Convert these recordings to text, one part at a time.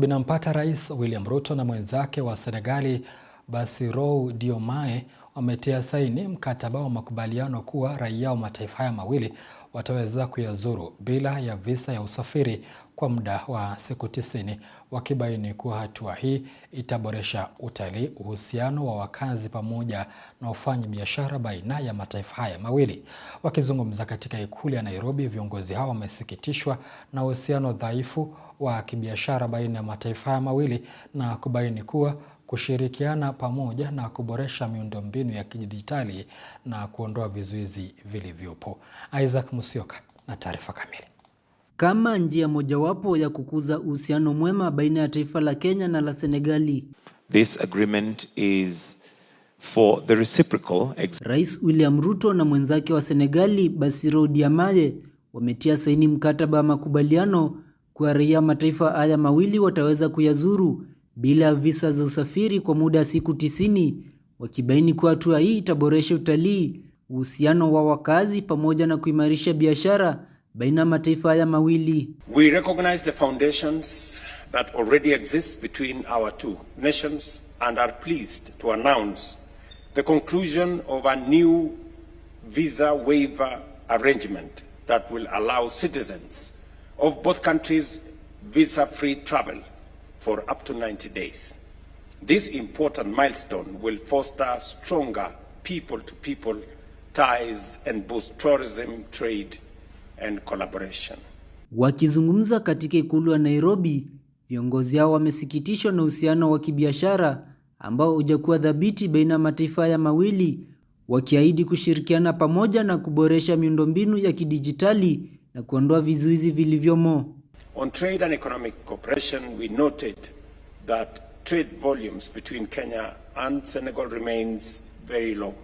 binampata Rais William Ruto na mwenzake wa Senegali Bassirou Diomaye wametia saini mkataba wa makubaliano kuwa raia wa mataifa haya mawili wataweza kuyazuru bila ya visa ya usafiri kwa muda wa siku tisini, wakibaini kuwa hatua hii itaboresha utalii, uhusiano wa wakazi pamoja na ufanyi biashara baina ya mataifa haya mawili. Wakizungumza katika ikulu ya Nairobi, viongozi hao wamesikitishwa na uhusiano dhaifu wa kibiashara baina ya mataifa haya mawili na kubaini kuwa kushirikiana pamoja na kuboresha miundombinu ya kidijitali na kuondoa vizuizi vilivyopo. Isaac Musioka na taarifa kamili. Kama njia mojawapo ya kukuza uhusiano mwema baina ya taifa la Kenya na la Senegali. This agreement is for the reciprocal. Rais William Ruto na mwenzake wa Senegali Bassirou Diomaye wametia saini mkataba wa makubaliano kwa raia mataifa haya mawili wataweza kuyazuru bila visa za usafiri kwa muda wa siku tisini, wakibaini kuwa hatua hii itaboresha utalii, uhusiano wa wakazi pamoja na kuimarisha biashara baina ya mataifa haya mawili. We recognize the foundations that already exist between our two nations and are pleased to announce the conclusion of a new visa waiver arrangement that will allow citizens of both countries visa-free travel for up to 90 days. This important milestone will foster stronger people-to-people -people ties and boost tourism, trade and collaboration. Wakizungumza katika ikulu ya Nairobi, viongozi hao wamesikitishwa na uhusiano wa kibiashara ambao hujakuwa dhabiti baina ya mataifa haya mawili, wakiahidi kushirikiana pamoja na kuboresha miundombinu ya kidijitali na kuondoa vizuizi vilivyomo. On trade and economic cooperation, we noted that trade volumes between Kenya and Senegal remains very low.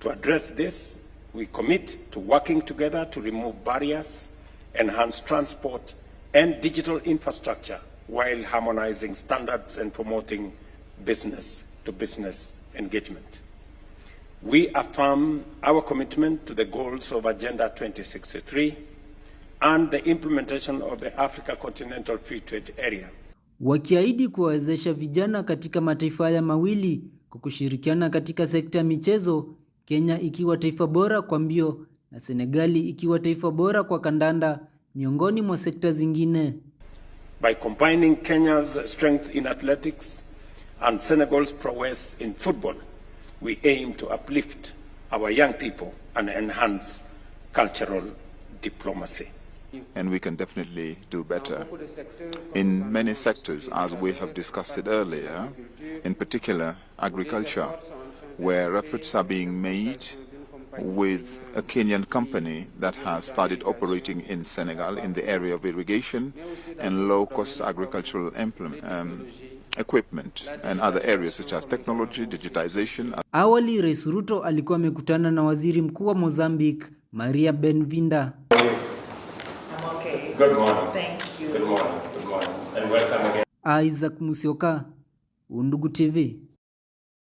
To address this, we commit to working together to remove barriers, enhance transport and digital infrastructure while harmonizing standards and promoting business-to-business -business engagement. We affirm our commitment to the goals of Agenda 2063 and the implementation of the Africa Continental Free Trade Area. Wakiahidi kuwawezesha vijana katika mataifa haya mawili kwa kushirikiana katika sekta ya michezo, Kenya ikiwa taifa bora kwa mbio na Senegali ikiwa taifa bora kwa kandanda miongoni mwa sekta zingine. By combining Kenya's strength in athletics and Senegal's prowess in football, we aim to uplift our young people and enhance cultural diplomacy and we can definitely do better. In many sectors, as we have discussed it earlier, in particular agriculture, where efforts are being made with a Kenyan company that has started operating in Senegal in the area of irrigation and low-cost agricultural um, equipment and other areas such as technology, digitization. Awali Rais Ruto alikuwa amekutana na Waziri Mkuu wa Mozambique, Maria Benvinda. Good morning. Thank you. Good morning. Good morning. And welcome again. Isaac Musioka, Undugu TV.